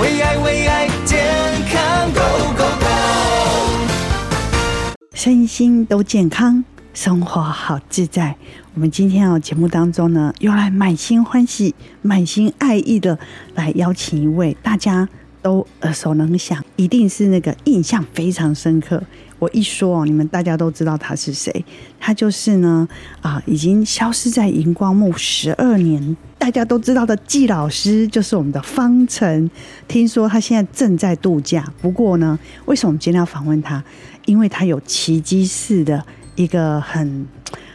為愛為愛健康，go go go！身心都健康，生活好自在。我們今天哦節目當中呢，又來滿心歡喜、滿心愛意的來邀請一位大家都耳熟能詳，一定是那個印象非常深刻。我一說哦，你們大家都知道他是誰，他就是呢啊，已經消失在熒光幕十二年。大家都知道的季老師就是我們的方岑，聽說他現在正在度假。不過呢，為什麼我們今天要訪問他？因為他有奇跡式的一個很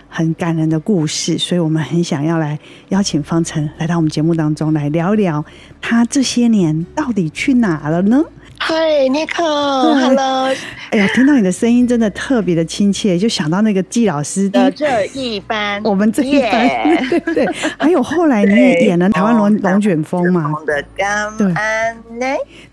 很感人的故事，所以我們很想要來邀請方岑來到我們節目當中來聊一聊他這些年到底去哪了呢？嗨，Nico，Hello！哎呀，聽到你的聲音真的特別的親切，就想到那個季老師的 這一班，我們這一班，yeah. 對對。還有後來你也演了台灣龍龍捲風嘛？龍的龍的龍的對，甘安呢，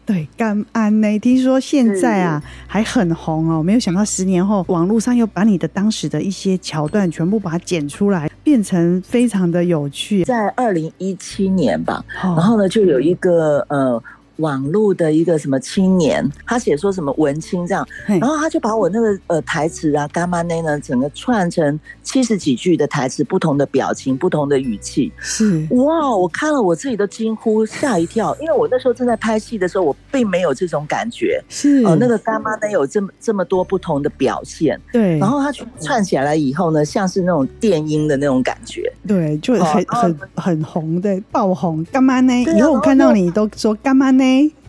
對甘安呢？聽說現在啊還很紅哦。沒有想到十年後，網絡上又把你的當時的一些橋段全部把它剪出來，變成非常的有趣。在二零一七年吧、哦，然後呢就有一個、嗯、呃。網絡的一個什麼青年，他寫說什麼文青這樣，然後他就把我那個呃台詞啊，乾媽呢，整個串成七十幾句的台詞，不同的表情，不同的語氣，是哇，wow, 我看了我自己都驚呼，嚇一跳，因為我那時候正在拍戲的時候，我並沒有這種感覺，是哦、呃，那個乾媽呢有這麼這麼多不同的表現，對，然後他串起來以後呢，像是那種電音的那種感覺，對，就很、哦、很很紅的爆紅乾媽呢，以後我看到你都說乾媽呢。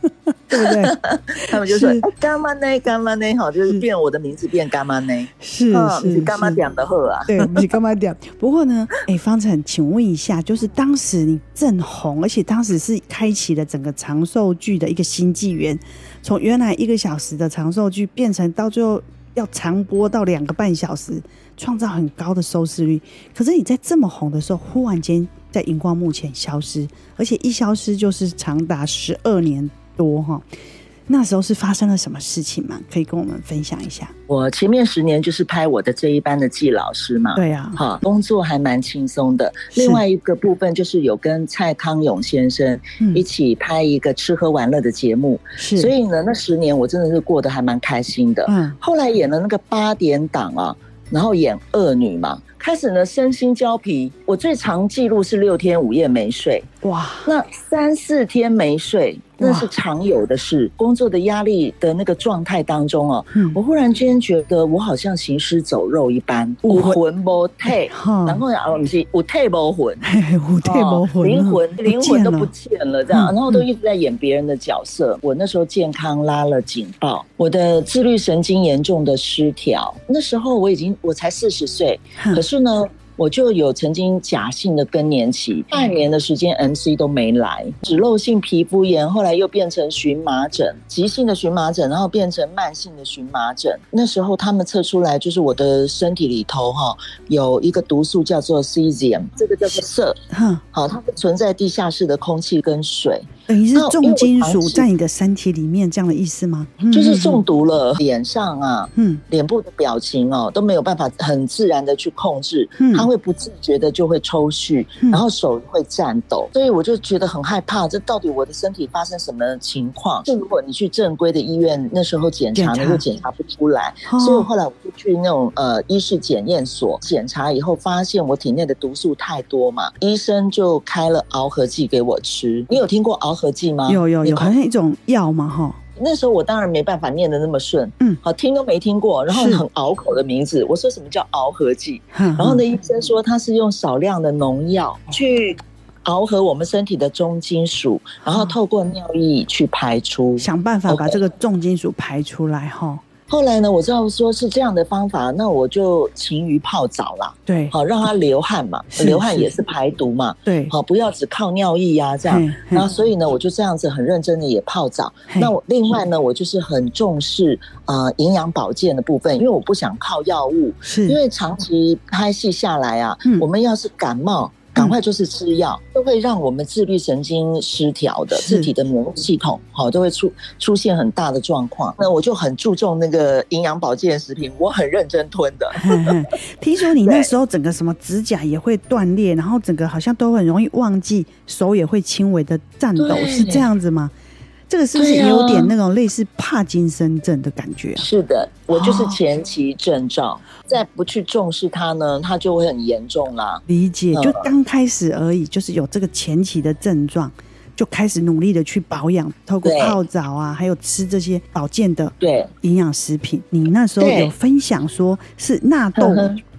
對不對？ 他們就說“幹嘛、啊、呢，幹嘛呢”，好，就是變我的名字變“幹嘛呢”，是、哦、是幹嘛講的話啊，對，是乾媽講。不過呢，哎、 欸，方岑，請問一下，就是當時你正紅，而且當時是開啟了整個長壽劇的一個新紀元，從原來一個小時的長壽劇變成到最後要長播到兩個半小時，創造很高的收視率。可是你在這麼紅的時候，忽然間。在熒光幕前消失，而且一消失就是長達十二年多哈。那時候是發生了什麼事情嗎？可以跟我們分享一下。我前面十年就是拍我的這一班的季老師嘛，對呀，哈，工作還蠻輕鬆的。另外一個部分就是有跟蔡康永先生一起拍一個吃喝玩樂的節目，是。所以呢，那十年我真的是過得還蠻開心的。嗯，後來演了那個八點檔啊，然後演惡女嘛。開始呢，身心焦疲。我最長記錄是六天五夜沒睡，哇！那三四天沒睡，那是常有的事。工作的壓力的那個狀態當中哦，嗯、我忽然間覺得我好像行屍走肉一般，有魂沒體，然後不是有體無魂，嗯嗯哦、有體無魂啊，有體無魂，有體無魂，靈魂靈魂都不見了，嗯，這樣，然後都一直在演別人的角色，嗯嗯。我那時候健康拉了警報，我的自律神經嚴重的失調。那時候我已經我才四十歲，可是。但是呢，我就有曾經假性的更年期，半年的時間，MC 都沒來，脂漏性皮膚炎，後來又變成蕁麻疹，急性的蕁麻疹，然後變成慢性的蕁麻疹。那時候他們測出來，就是我的身體裡頭哈、哦、有一個毒素叫做 cesium，這個叫做銫 好，它會存在地下室的空氣跟水。等、嗯、於是重金屬在你的身體裡面這樣的意思嗎、哦？就是中毒了，臉上啊，嗯，臉部的表情哦都沒有辦法很自然的去控制，嗯，他會不自覺的就會抽搐，然後手會顫抖、嗯，所以我就覺得很害怕，這到底我的身體發生什麼情況？就如果你去正規的醫院，那時候檢查，檢查你又檢查不出來，哦、所以我後來我就去那種呃醫事檢驗所檢查以後，發現我體內的毒素太多嘛，醫生就開了螯合劑給我吃。你有聽過螯？合劑嗎？有有有，有有好像一種藥嘛，哈。那時候我當然沒辦法念得那麼順，嗯，好聽都沒聽過，然後很拗口的名字。我說什麼叫螯合劑，嗯？然後呢，醫生說他是用少量的農藥去螯合我們身體的重金屬，然後透過尿液去排出，嗯，想辦法把這個重金屬排出來，哈，嗯。Okay 後來呢，我知道說是這樣的方法，那我就勤於泡澡啦，對，好、啊、讓它流汗嘛，流汗也是排毒嘛。啊、對，好、啊、不要只靠尿液呀、啊，這樣。那所以呢，我就這樣子很認真的也泡澡。那我另外呢，我就是很重視啊營養保健的部分，因為我不想靠藥物。是，因為長期拍戲下來啊、嗯，我們要是感冒。趕快就是吃藥，都會讓我們自律神經失調的，自體的免疫系統，好都會出出現很大的狀況。那我就很注重那個營養保健的食品，我很認真吞的呵呵。聽說你那時候整個什麼指甲也會斷裂，然後整個好像都很容易忘記，手也會輕微的顫抖，是這樣子嗎？這個是不是也有點那種類似帕金森症的感覺啊？啊是的，我就是前期症狀，哦，再不去重視它呢，它就會很嚴重了。理解，就剛開始而已。嗯，就是有這個前期的症狀，就開始努力的去保養，透過泡澡啊，還有吃這些保健的對營養食品。你那時候有分享說是納豆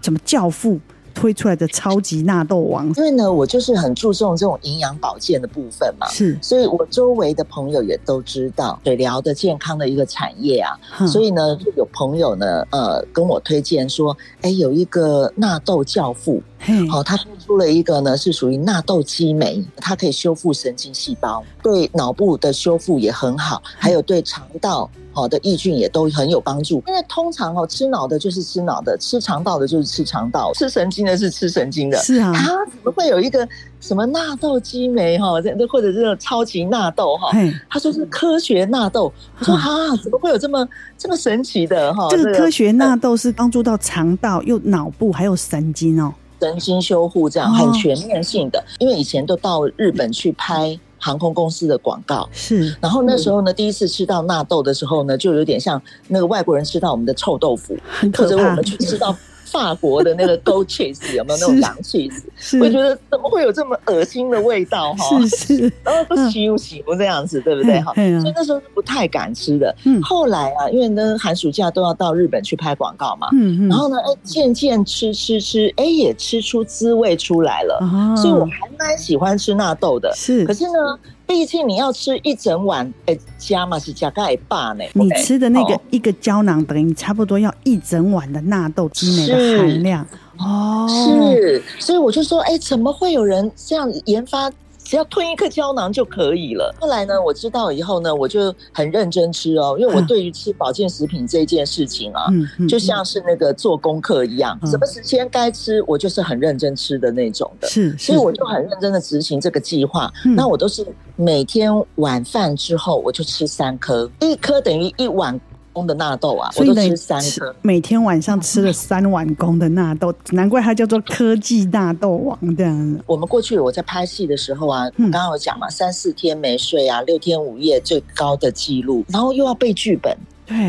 怎麼教父？呵呵推出來的超級納豆王，因為呢，我就是很注重這種營養保健的部分嘛，是，所以我周圍的朋友也都知道水療的健康的一個產業啊、嗯，所以呢，有朋友呢，呃，跟我推薦說，哎、欸，有一個納豆教父，好、哦，他推出了一個呢，是屬於納豆激酶、嗯，它可以修復神經細胞，對腦部的修復也很好，嗯、還有對腸道。好的益菌也都很有幫助，因為通常哦，吃腦的就是吃腦的，吃腸道的就是吃腸道，吃神經的是吃神經的，是啊。他怎麼會有一個什麼納豆激酶哈，這或者這種超級納豆哈？他說是科學納豆。我說啊，啊，怎麼會有這麼這麼神奇的哈、啊這個？這個科學納豆是幫助到腸道、啊、又腦部還有神經哦，神經修護這樣、啊、很全面性的。因為以前都到日本去拍。航空公司的廣告是，然後那時候呢，嗯、第一次吃到納豆的時候呢，就有點像那個外國人吃到我們的臭豆腐，或者我們去吃到。 法國的那個 Go Cheese 有沒有那種洋起司？我覺得怎麼會有這麼噁心的味道哈？是是 然後不喜歡、不喜這樣子，嗯、對不對哈、啊？所以那時候是不太敢吃的。嗯、後來啊，因為呢寒暑假都要到日本去拍廣告嘛、嗯，然後呢，哎，漸漸吃吃吃，哎、欸，也吃出滋味出來了。哦、所以我還蠻喜歡吃納豆的。是，是，可是呢。畢竟你要吃一整碗，哎，加嘛是加鈣巴呢？你吃的那個一個膠囊，等於差不多要一整碗的納豆激酶的含量是哦。是，所以我就說，哎、欸，怎麼會有人這樣研發？只要吞一顆膠囊就可以了。後來呢，我知道以後呢，我就很認真吃哦，因為我對於吃保健食品這件事情啊、嗯嗯嗯，就像是那個做功課一樣、嗯，什麼時間該吃，我就是很認真吃的那種的。是，是，是，所以我就很認真的執行這個計劃、嗯。那我都是每天晚飯之後，我就吃三顆，一顆等於一碗，的納豆啊，所以，我都吃三顆，每天晚上吃了三碗公的納豆、嗯，難怪它叫做科技納豆王。這樣，我們過去我在拍戲的時候啊，剛剛有講嘛，三四天沒睡啊，六天五夜最高的記錄，然後又要背劇本，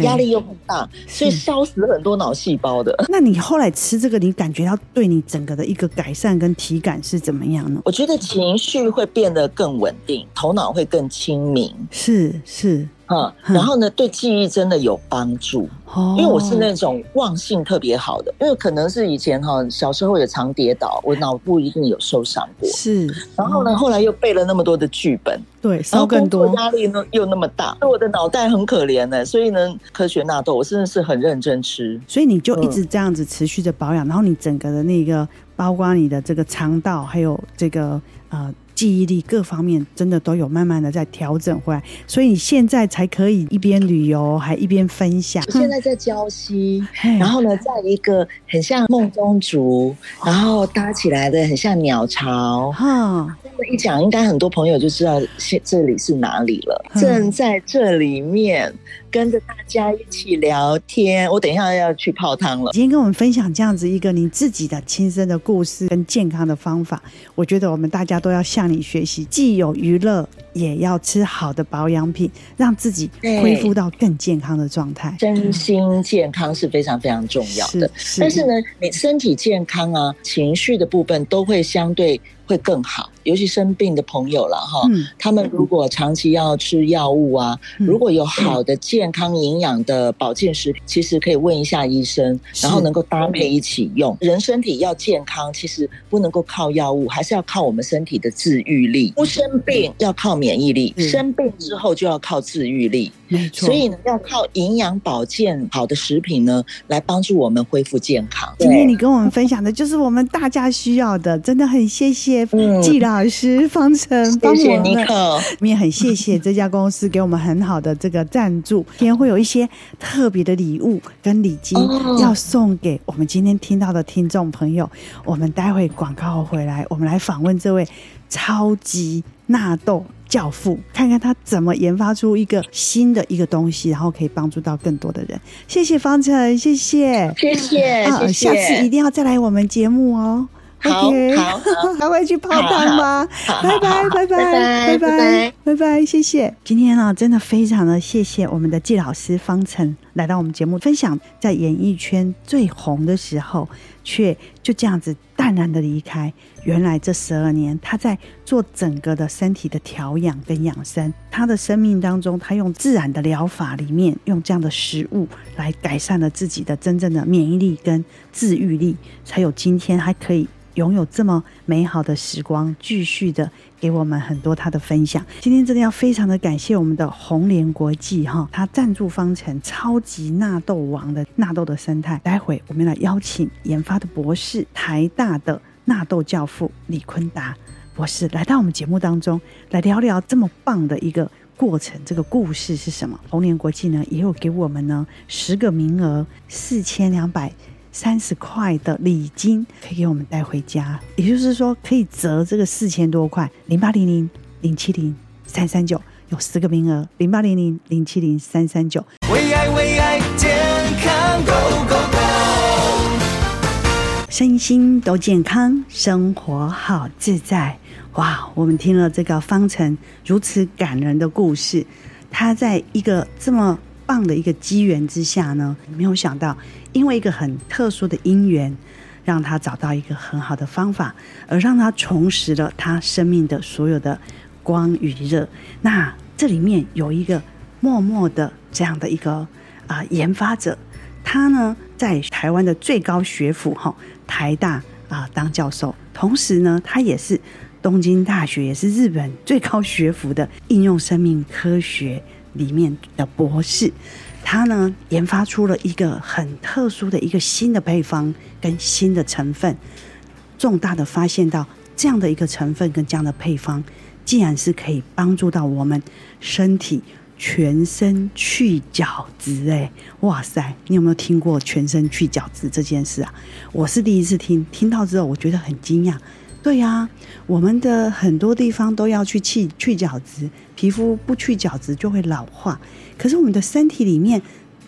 壓力又很大，所以燒死很多腦細胞的。 那你後來吃這個，你感覺到對你整個的一個改善跟體感是怎麼樣呢？我覺得情緒會變得更穩定，頭腦會更清明。是是。嗯嗯、然後呢，對記憶真的有幫助，哦、因為我是那種忘性特別好的，因為可能是以前哈、哦、小時候也常跌倒，我腦部一定有受傷過。是、嗯，然後呢，後來又背了那麼多的劇本，對，然後多。我壓力呢又那麼大，我的腦袋很可憐呢。所以呢，科學納豆，我真的是很認真吃。所以你就一直這樣子持續的保養、嗯，然後你整個的那個，包括你的這個腸道，還有這個啊。呃記憶力各方面真的都有慢慢的在調整回來，所以你現在才可以一邊旅遊還一邊分享。現在在礁溪，然後呢，在一個很像孟宗竹、哦，然後搭起來的很像鳥巢。哦一講，應該很多朋友就知道這裡是哪裡了。嗯，正在這裡面跟着大家一起聊天，我等一下要去泡湯了。今天跟我們分享這樣子一個你自己的親身的故事跟健康的方法，我覺得我們大家都要向你學習。既有娛樂，也要吃好的保養品，讓自己恢復到更健康的狀態。身心健康是非常非常重要的，嗯，是，是的。但是呢，你身體健康啊，情緒的部分都會相對。會更好，尤其生病的朋友了哈、嗯，他們如果長期要吃藥物啊、嗯，如果有好的健康營養的保健食品，嗯、其實可以問一下醫生，然後能夠搭配一起用、嗯。人身體要健康，其實不能夠靠藥物，還是要靠我們身體的自癒力。嗯、不生病要靠免疫力、嗯，生病之後就要靠自癒力。嗯、所以呢，要靠營養保健好的食品呢，來幫助我們恢復健康。今天你跟我們分享的，就是我們大家需要的，真的很謝謝李老師、嗯、方岑幫我們，謝謝妮可，也很謝謝這家公司給我們很好的這個贊助。 今天會有一些特別的禮物跟禮金要送給我們今天聽到的聽眾朋友、哦。我們待會廣告回來，我們來訪問這位超級納豆。教父，看看他怎麼研發出一個新的一個東西，然後可以幫助到更多的人。謝謝方岑，謝謝謝謝、啊、謝謝，下次一定要再來我們節目哦。好，okay、好，還會 去泡湯嗎？拜拜好好拜拜拜拜拜拜，拜，拜，拜，拜，拜拜，謝謝。今天呢、啊，真的非常的謝謝我們的李老師、方岑。來到我們節目，分享在演藝圈最紅的時候，卻就這樣子淡然的離開。原來這十二年，他在做整個的身體的調養跟養生。他的生命當中，他用自然的療法裡面，用這樣的食物來改善了自己的真正的免疫力跟治癒力，才有今天還可以擁有這麼美好的時光，繼續的。給我們很多他的分享，今天真的要非常的感謝我們的紅蓮國際哈、哦，他贊助方程超級納豆王的納豆的生態，待會我們來邀請研發的博士，台大的納豆教父李昆達博士來到我們節目當中來聊聊這麼棒的一個過程，這個故事是什麼？紅蓮國際呢也有給我們呢十個名額，四千兩百。三十塊的禮金可以給我們帶回家，也就是說可以折這個四千多塊。零八零零零七零三三九，有十個名額。零八零零零七零三三九。為愛、為愛健康，go go go。身心都健康，生活好自在。哇，我們聽了這個方岑如此感人的故事，他在一個這麼。棒的一個機緣之下呢，沒有想到，因為一個很特殊的因緣，讓他找到一個很好的方法，而讓他重拾了他生命的所有的光與熱。那這裡面有一個默默的這樣的一個啊、呃、研發者，他呢在台灣的最高學府哈、哦、台大啊、呃、當教授，同時呢他也是東京大學，也是日本最高學府的應用生命科學。裡面的博士，他呢研發出了一個很特殊的一個新的配方跟新的成分，重大的發現到這樣的一個成分跟這樣的配方，竟然是可以幫助到我們身體全身去角質。誒，哇塞，你有沒有聽過全身去角質這件事啊？我是第一次聽，聽到之後我覺得很驚訝。對呀、啊，我們的很多地方都要去氣去角質，皮膚不去角質就會老化。可是我們的身體裡面，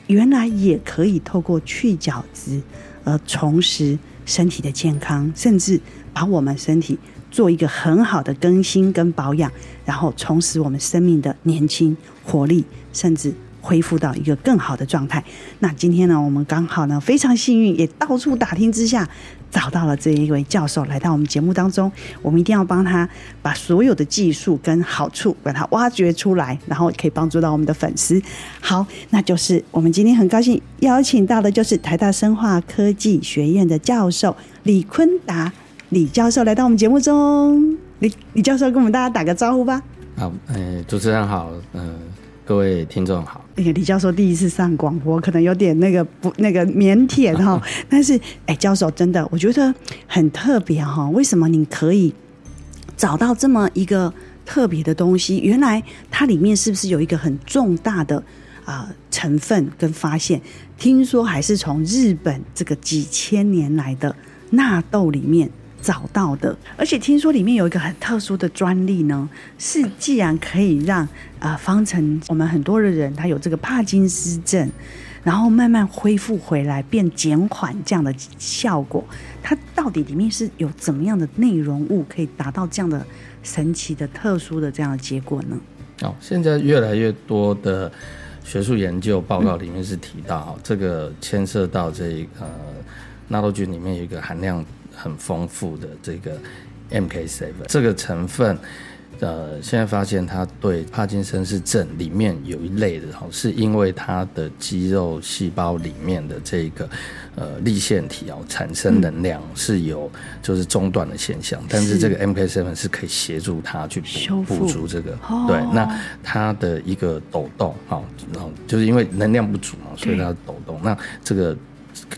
原來也可以透過去角質而重拾身體的健康，甚至把我們身體做一個很好的更新跟保養，然後重拾我們生命的年輕活力，甚至恢復到一個更好的狀態。那今天呢，我們剛好呢非常幸運，也到處打聽之下。找到了這一位教授來到我們節目當中，我們一定要幫他把所有的技術跟好處把它挖掘出來，然後可以幫助到我們的粉絲。好，那就是我們今天很高興邀請到的就是台大生化科技學院的教授李昆達李教授來到我們節目中，李李教授跟我們大家打個招呼吧。好，欸、主持人好，嗯、呃。各位聽眾好，那個李教授第一次上廣播，可能有點那個不那個靦腆哈、哦。 但是，哎、欸，教授真的我覺得很特別哈、哦，為什麼你可以找到這麼一個特別的東西？原來它裡面是不是有一個很重大的啊、呃，成分跟發現？聽說還是從日本這個幾千年來的納豆裡面找到的，而且聽說裡面有一個很特殊的專利呢，是既然可以讓啊、呃、方岑，我們很多的人他有這個帕金斯症，然後慢慢恢復回來，變減緩這樣的效果，它到底裡面是有怎麼樣的內容物可以達到這樣的神奇的、特殊的這樣的結果呢？好、哦，現在越來越多的學術研究報告裡面是提到，嗯、這個牽涉到這一個呃納豆菌裡面有一個含量很豐富的這個 M K seven 這個成分，呃，現在發現它對帕金森氏症裡面有一類的哦，是因為它的肌肉細胞裡面的這個呃粒線體哦，產生能量是有就是中斷的現象、嗯，但是這個 M K seven 是可以協助它去補補足這個、哦，對，那它的一個抖動哦，然後就是因為能量不足嘛，所以它抖動，okay. 那這個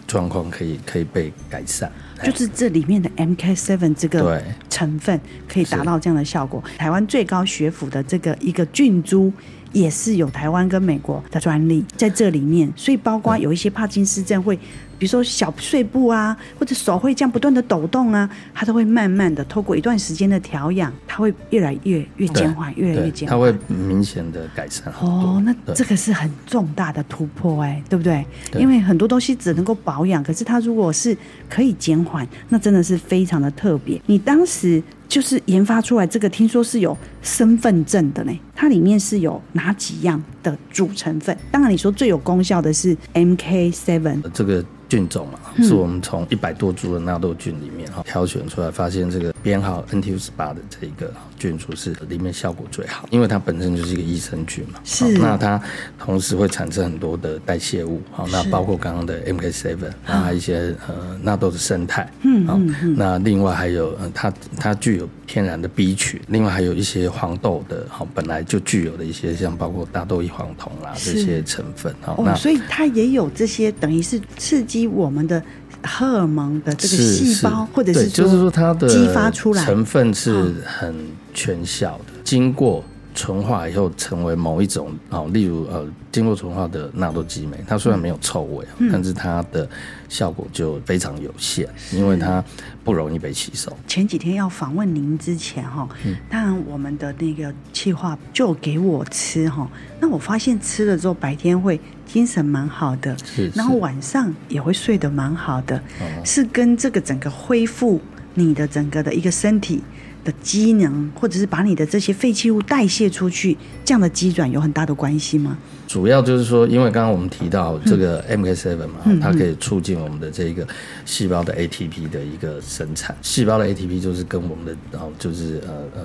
狀況可以可以被改善。就是這裡面的 MK7 這個成分可以達到這樣的效果。台灣最高學府的這個一個菌株也是有台灣跟美國的專利在這裡面，所以包括有一些帕金斯症會。比如說小碎步啊，或者手會這樣不斷的抖動啊，它都會慢慢的透過一段時間的調養，它會越來越越減緩，越來越減緩。它會明顯的改善好多哦，那這個是很重大的突破哎、欸，對不對，對？因為很多東西只能夠保養，可是它如果是可以減緩，那真的是非常的特別。你當時就是研發出來這個，聽說是有身份證的呢、欸，它裡面是有哪幾樣的主成分？當然，你說最有功效的是 MK7 這個。菌種嘛，是我們從一百多株的納豆菌裡面哈、哦、挑選出來，發現這個編號 NTU 十八的這一個菌株是裡面效果最好，因為它本身就是一個益生菌嘛。是。哦、那它同時會產生很多的代謝物，好、哦，那包括剛剛的 MK7 啊一些、哦、呃納豆的生態，嗯好、嗯嗯哦。那另外還有、呃、它它具有天然的 B 群，另外還有一些黃豆的好、哦，本來就具有的一些像包括大豆異黃酮啊這些成分哈、哦。那、哦、所以它也有這些等於是刺激。激我們的荷爾蒙的這個細胞，是是，或者是就是說它的激發出來成分是很全效的，哦，經過。純化以後成為某一種例如呃，經過純化的納豆激酶，它雖然沒有臭味、嗯，但是它的效果就非常有限，因為它不容易被吸收。前幾天要訪問您之前哈，當然我們的那個企劃就給我吃哈、嗯，那我發現吃了之後白天會精神蠻好的，是是，然後晚上也會睡得蠻好的、嗯，是跟這個整個恢復你的整個的一個身體。的機能，或者是把你的這些廢棄物代謝出去，這樣的機轉有很大的關係嗎？主要就是說，因為剛剛我們提到這個 MK7 嘛，嗯、它可以促進我們的這個細胞的 ATP 的一個生產，嗯嗯、細胞的 ATP 就是跟我們的哦，就是呃呃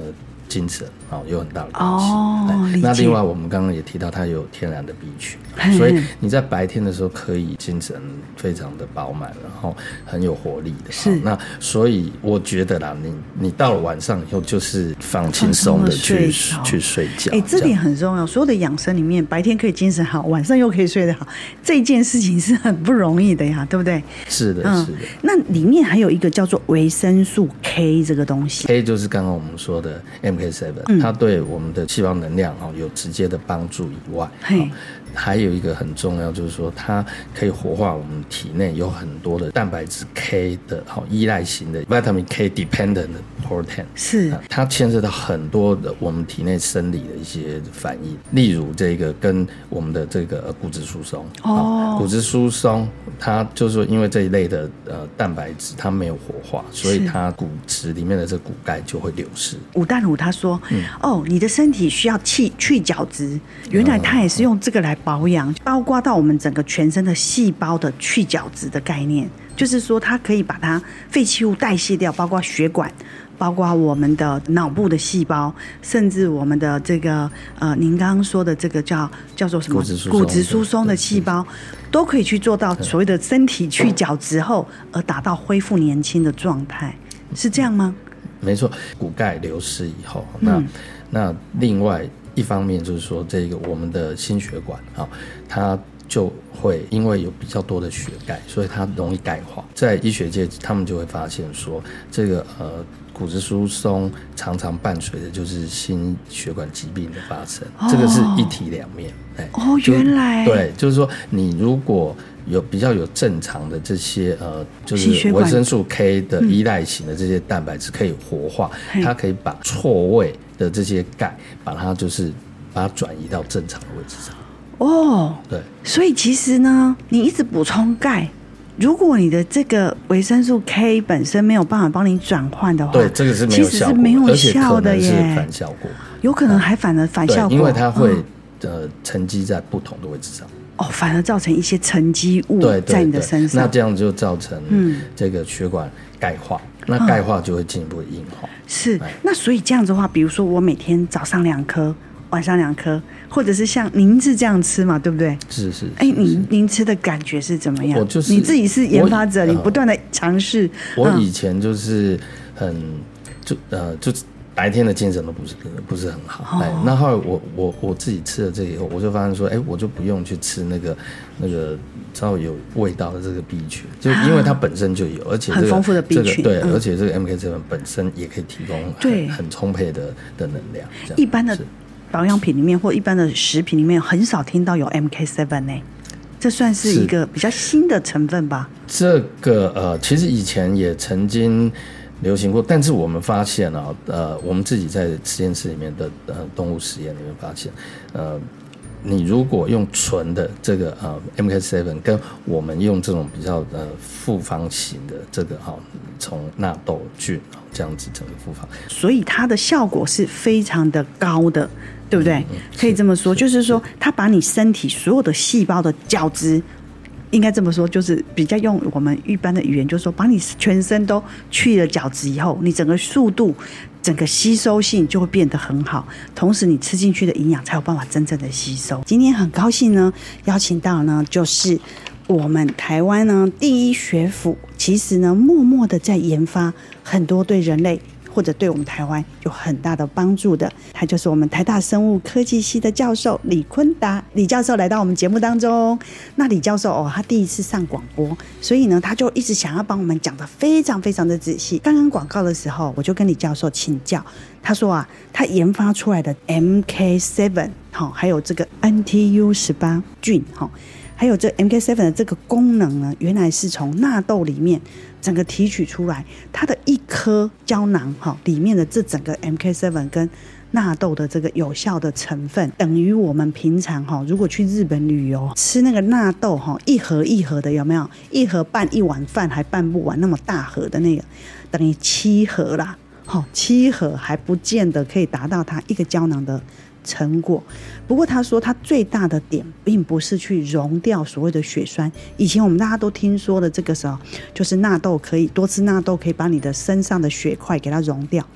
精神啊有很大的關係。哦，理解。那另外我們剛剛也提到，它有天然的 B 群。所以你在白天的時候可以精神非常的飽滿，然後很有活力的。是那所以我覺得啦，你你到了晚上以後就是放輕鬆的去睡去睡覺。哎、欸，這點很重要。所有的養生裡面，白天可以精神好，晚上又可以睡得好，這件事情是很不容易的呀，對不對？是的，是的。嗯、那裡面還有一個叫做維生素 K 這個東西，K 就是剛剛我們說的 MK7，它對我們的細胞能量哦有直接的幫助以外，還有一個很重要，就是說它可以活化我們體內有很多的蛋白質 K 的，好依賴型的 vitamin K dependent protein，是它牽涉到很多的我們體內生理的一些反應，例如這個跟我們的這個骨質疏鬆哦，骨質疏鬆，它就是說因為這一類的呃蛋白質它沒有活化，所以它骨質裡面的這骨鈣就會流失。吳淡如他說、嗯、哦，你的身體需要去去角質，原來他也是用這個來。保養包括到我們整個全身的細胞的去角質的概念，就是說它可以把它廢棄物代謝掉，包括血管，包括我們的腦部的細胞，甚至我們的這個呃，您剛剛說的這個叫叫做什麼骨質骨質疏鬆的細胞，對對對，都可以去做到所謂的身體去角質後而達到恢復年輕的狀態，是這樣嗎？沒錯，骨鈣流失以後，嗯、那那另外。一方面就是說，這個我們的心血管啊，它就會因為有比較多的血鈣，所以它容易鈣化。在醫學界，他們就會發現說，這個呃，骨質疏鬆常常伴隨的就是心血管疾病的發生，哦、這個是一體兩面。哦，哦原來對，就是說你如果有比較有正常的這些呃，就是維生素 K 的依賴型的這些蛋白質可以活化，哦、它可以把錯位。的這些鈣，把它就是把它轉移到正常的位置上。哦、oh，對，所以其實呢，你一直補充鈣，如果你的這個維生素 K 本身沒有辦法幫你轉換的話，對，這個是沒，其實是沒有效果，而且可能是反效果，欸、有可能還反而反效果，嗯、因為它會呃沉積在不同的位置上，哦、嗯，oh, 反而造成一些沉積物在你的身上，對對對，那這樣就造成嗯這個血管鈣化。嗯那鈣化就會進一步硬化，嗯。是，那所以這樣子的話，比如說我每天早上兩顆，晚上兩顆，或者是像您是這樣吃嘛，對不對？是是、是、是、欸。哎，您您吃的感覺是怎麼樣？我就是，你自己是研發者，呃、你不斷的嘗試。我以前就是很就呃就。呃就白天的精神都不是不是很好。哎、哦，那後來我我我自己吃了這個以後，我就發現說，哎，我就不用去吃那個那個超有味道的這個 B 群，就因為它本身就有，啊、而且、這個、很豐富的 B 群，這個、對、嗯，而且這個 MK Seven 本身也可以提供很對很充沛的的能量。一般的保養品裡面或一般的食品裡面很少聽到有 MK Seven、欸、這算是一個比較新的成分吧？這個呃，其實以前也曾經。流行過，但是我們發現啊，呃，我們自己在實驗室裡面的呃動物實驗裡面發現，呃，你如果用純的這個呃 MK7 跟我們用這種比較呃複方型的這個哈、呃，從納豆菌這樣子整個複方，所以它的效果是非常的高的，對不對？嗯嗯、可以這麼說，是就是說是它把你身體所有的細胞的交織。應該這麼說，就是比較用我們一般的語言，就是說，把你全身都去了角質以後，你整個速度、整個吸收性就會變得很好，同時你吃進去的營養才有辦法真正的吸收。今天很高興呢，邀請到呢就是我們台灣呢第一學府，其實呢默默的在研發很多對人類。或者對我們台灣有很大的幫助的，他就是我們台大生物科技系的教授李昆達。李教授來到我們節目當中。那李教授哦，他第一次上廣播，所以呢，他就一直想要幫我們講得非常非常的仔細。剛剛廣告的時候，我就跟李教授請教，他說啊，他研發出來的 MK7 哈，還有這個 NTU18 菌哈，還有這 MK7 的這個功能呢，原來是從納豆裡面。整個提取出來，它的一顆膠囊哈、哦，裡面的這整個 MK7 跟納豆的這個有效的成分，等於我們平常哈、哦，如果去日本旅遊吃那個納豆哈，一盒一盒的有沒有？一盒拌一碗飯還拌不完那麼大盒的那個，等於七盒啦，哈、哦，七盒還不見得可以達到它一個膠囊的。成果，不過他說他最大的點並不是去溶掉所謂的血栓。以前我們大家都聽說的這個時候就是納豆可以多吃納豆，可以把你的身上的血塊給它溶掉。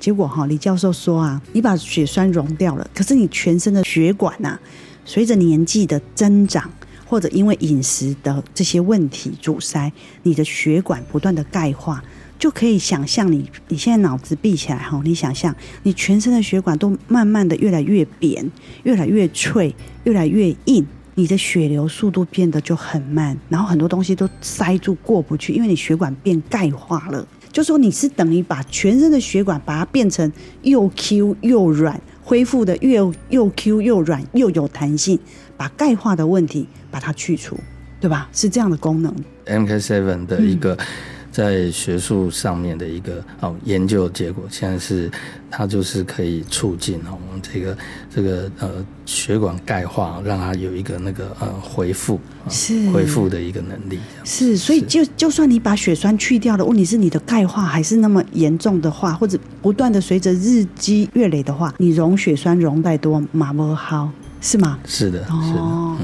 結果哈，李教授說啊，你把血栓溶掉了，可是你全身的血管吶、啊，隨着年紀的增長。或者因為飲食的這些問題阻塞，你的血管不斷的鈣化，就可以想象你你現在腦子閉起來哈，你想象你全身的血管都慢慢的越來越扁，越來越脆，越來越硬，你的血流速度變得就很慢，然後很多東西都塞住過不去，因為你血管變鈣化了，就說、是、你是等於把全身的血管把它變成又 Q 又軟，恢復的越又 Q 又軟又有彈性，把鈣化的問題。把它去除，對吧？是這樣的功能。MK7 的一個、嗯、在學術上面的一個哦研究結果，現在是它就是可以促進哦、我們這個這個呃血管鈣化，讓它有一個那個呃恢復，啊、是恢復的一個能力。是，所以就就算你把血栓去掉了，問題是你的鈣化還是那麼嚴重的話，或者不斷的隨着日積月累的話，你溶血栓溶再多沒，馬摸好是嗎？是的，哦、是的、嗯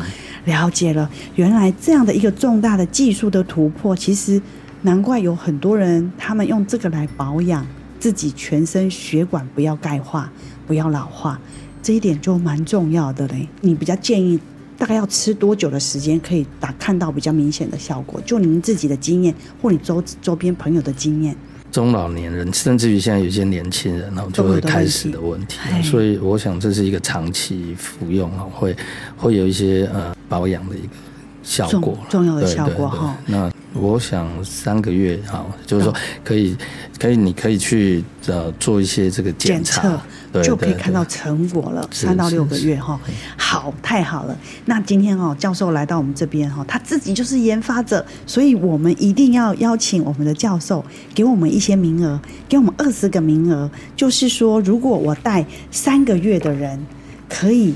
了解了，原來這樣的一個重大的技術的突破，其實難怪有很多人他們用這個來保養自己全身血管，不要鈣化，不要老化，這一點就蠻重要的嘞。你比較建議大概要吃多久的時間可以打看到比較明顯的效果？就您自己的經驗或你周周邊朋友的經驗，中老年人甚至於現在有些年輕人啊就會開始的問題，所以我想這是一個長期服用啊，會會有一些呃。保養的一個效果重，重要的效果哈。哦、那我想三個月哈，就是說可以，哦、可以，你可以去呃做一些這個檢、檢測，對對對，就可以看到成果了。是是是，三到六個月哈，是是哦、好，太好了。那今天哦，教授來到我們這邊哈，他自己就是研發者，所以我們一定要邀請我們的教授給我們一些名額，給我們二十個名額，就是說如果我帶三個月的人，可以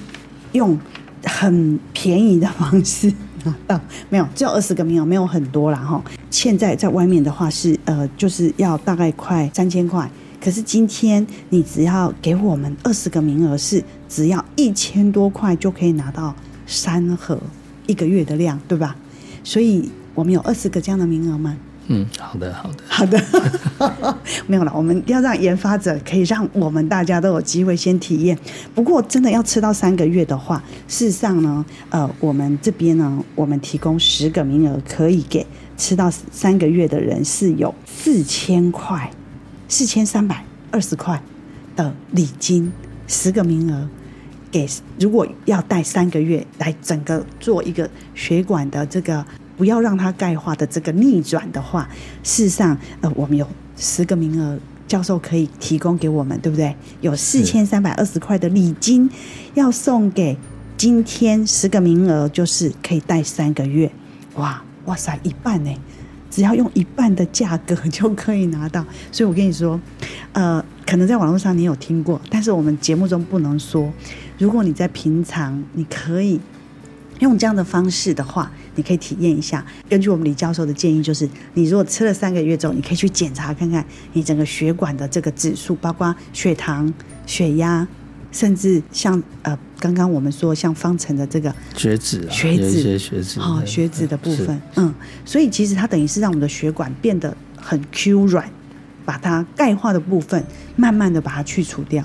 用，很便宜的方式拿到，啊，沒有，只有二十個名額，沒有很多啦。哈。現在在外面的話是呃，就是要大概快三千塊，可是今天你只要給我們二十個名額，是只要一千多塊就可以拿到三盒一個月的量，對吧？所以我們有二十個這樣的名額嗎？嗯，好的，好的，好的。沒有了，我們要讓研發者可以讓我們大家都有機會先體驗。不過，真的要吃到三個月的話，事實上呢，呃，我們這邊呢，我們提供十個名額，可以給吃到三個月的人是有四千塊，四千三百二十塊的禮金，十個名額給，如果要帶三個月來整個做一個血管的這個。不要讓它鈣化的這個逆轉的話，事實上，呃，我們有十個名額教授可以提供給我們，對不對？有四千三百二十塊的禮金要送給今天十個名額，就是可以帶三個月。哇哇塞，一半呢，只要用一半的價格就可以拿到。所以我跟你說，呃，可能在網絡上你有聽過，但是我們節目中不能說。如果你在平常你可以用這樣的方式的話。你可以體驗一下，根據我們李教授的建議，就是你如果吃了三個月之後，你可以去檢查看看你整個血管的這個指數，包括血糖、血壓，甚至像呃，剛剛我們說像方岑的這個血脂、血脂、血脂啊、血脂、哦，血脂的部分。嗯，所以其實它等於是讓我們的血管變得很 Q 軟，把它鈣化的部分慢慢的把它去除掉。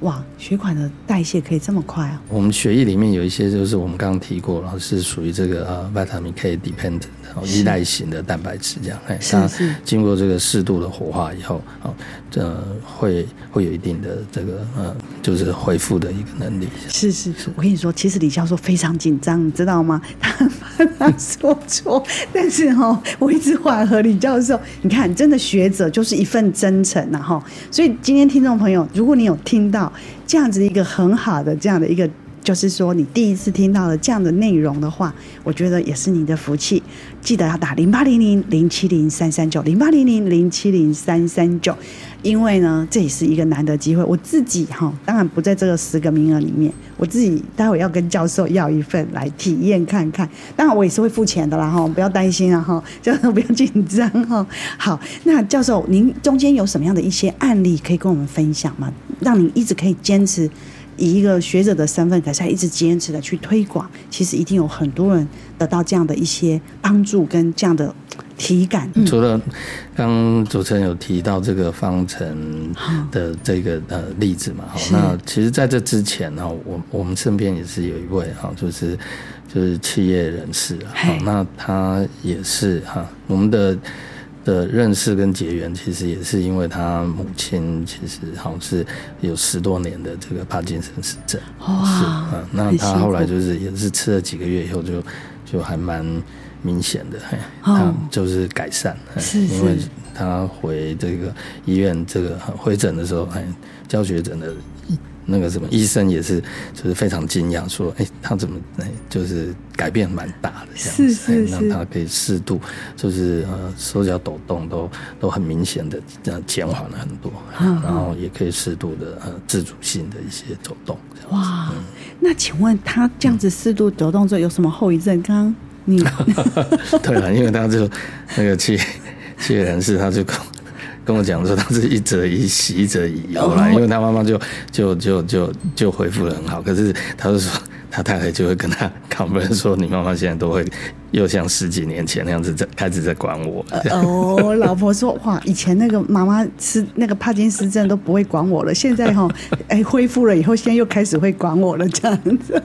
哇，血管的代謝可以這麼快啊！我們血液裡面有一些，就是我們剛剛提過，然後是屬於這個呃，uh，vitamin K dependent。依賴型的蛋白質這樣，是，是，是經過這個適度的活化以後，哦、呃，會會有一定的這個呃，就是恢復的一個能力。是是，我跟你說，其實李教授非常緊張，你知道嗎？他，他說錯， 但是哈，我一直緩和李教授。你看，真的學者就是一份真誠、啊，然後，所以今天聽眾朋友，如果你有聽到這樣子一個很好的這樣的一個。就是說，你第一次聽到了這樣的內容的話，我覺得也是你的福氣。記得要打零八零零零七零三三九零八零零零七零三三九，因為呢，這也是一個難得的機會。我自己哈，當然不在這個十個名額裡面。我自己待會要跟教授要一份來體驗看看。當然我也是會付錢的啦哈，不要擔心啊哈，教授不要緊張哈啊。好，那教授您中間有什麼樣的一些案例可以跟我們分享嗎？讓您一直可以堅持。以一個學者的身份，可是他一直堅持的去推廣，其實一定有很多人得到這樣的一些幫助跟這樣的體感。嗯、除了剛，剛主持人有提到這個方岑的這個呃例子嘛，好、嗯嗯，那其實在這之前呢，我我們身邊也是有一位哈，就是就是企業人士，好，那他也是哈，我們的的認識跟結緣，其實也是因為他母親，其實好像是有十多年的這個帕金森氏症。是啊、嗯、那他後來就是也是吃了幾個月以後就，就就還蠻明顯的、欸，他就是改善。是、欸、是、哦，因為他回這個醫院這個回診的時候，哎、欸，教學診的。那個什麼醫生也是，就是非常驚訝，說：“哎、欸，他怎麼、欸、就是改變蠻大的，這樣子是是是、欸，讓他可以適度，就是呃手腳抖動都都很明顯的這樣減緩了很多，然後也可以適度的呃自主性的一些走動。”哇、嗯，那請問他這樣子適度抖動之後有什麼後遺症？剛、嗯、剛你 對了、啊，因為他就那個企氣 人士，他就。跟我講說，他是一則以喜，一則以憂啦。因為他媽媽就就就就就恢復的很好，可是他就說他太太就會跟他亢奮說：“你媽媽現在都會又像十幾年前那樣子在開始在管我。”哦，老婆說：“哇，以前那個媽媽是那個帕金森症都不會管我了，現在哈哎、欸、恢復了以後，現在又開始會管我了這樣子。”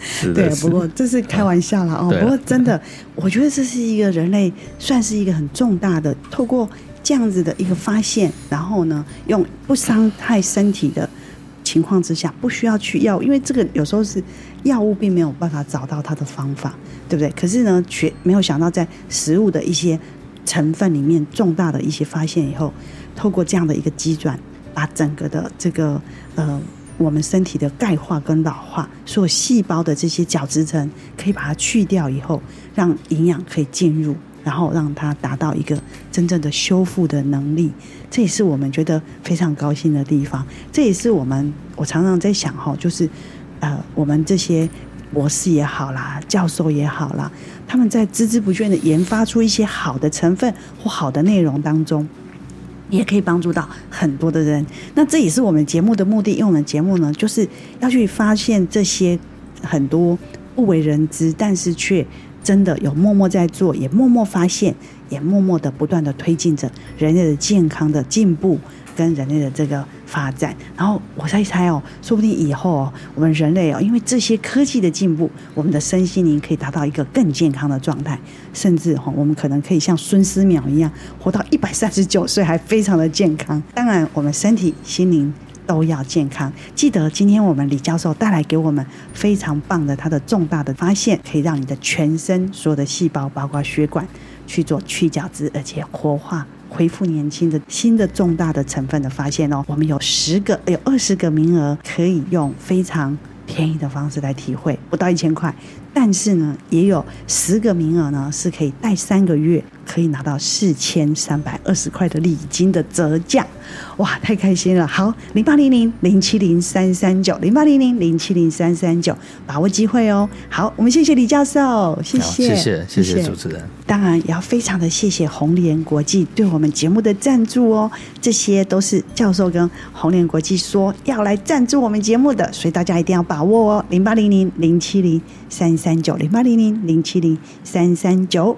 是的，對的。不過這是開玩笑了哦。不過真的，我覺得這是一個人類算是一個很重大的透過。這樣子的一個發現，然後呢，用不傷害身體的情況之下，不需要去藥，因為這個有時候是藥物並沒有辦法找到它的方法，對不對？可是呢，卻沒有想到在食物的一些成分裡面重大的一些發現以後，透過這樣的一個機轉，把整個的這個呃，我們身體的鈣化跟老化，所有細胞的這些角質層可以把它去掉以後，讓營養可以進入。然後讓它達到一個真正的修復的能力，這也是我們覺得非常高興的地方。這也是我們，我常常在想哈，就是呃，我們這些博士也好啦，教授也好啦，他們在孜孜不倦地研發出一些好的成分或好的內容當中，也可以幫助到很多的人。那這也是我們節目的目的，因為我們節目呢，就是要去發現這些很多不為人知，但是卻。真的有默默在做，也默默發現，也默默的不斷的推進着人類的健康的進步跟人類的這個發展。然後我猜一猜哦，說不定以後哦，我們人類哦，因為這些科技的進步，我們的身心靈可以達到一個更健康的狀態，甚至哈、哦，我們可能可以像孫思邈一樣，活到一百三十九歲還非常的健康。當然，我們身體心靈。都要健康。記得今天我們李教授帶來給我們非常棒的他的重大的發現，可以讓你的全身所有的細胞，包括血管，去做去角質，而且活化、恢復年輕的新的重大的成分的發現哦。我們有十個，有二十個名額，可以用非常便宜的方式來體會，不到一千塊。但是呢，也有十個名額呢，是可以帶三個月。可以拿到四千三百二十塊的禮金的折價，哇，太開心了！好，零八零零零七零三三九，零八零零零七零三三九，把握機會哦！好，我們謝謝李教授，謝謝，謝謝，謝謝主持人，謝謝。當然也要非常的謝謝紅蓮國際對我們節目的贊助哦，這些都是教授跟紅蓮國際說要來贊助我們節目的，所以大家一定要把握哦，零八零零零七零三三九，零八零零零七零三三九。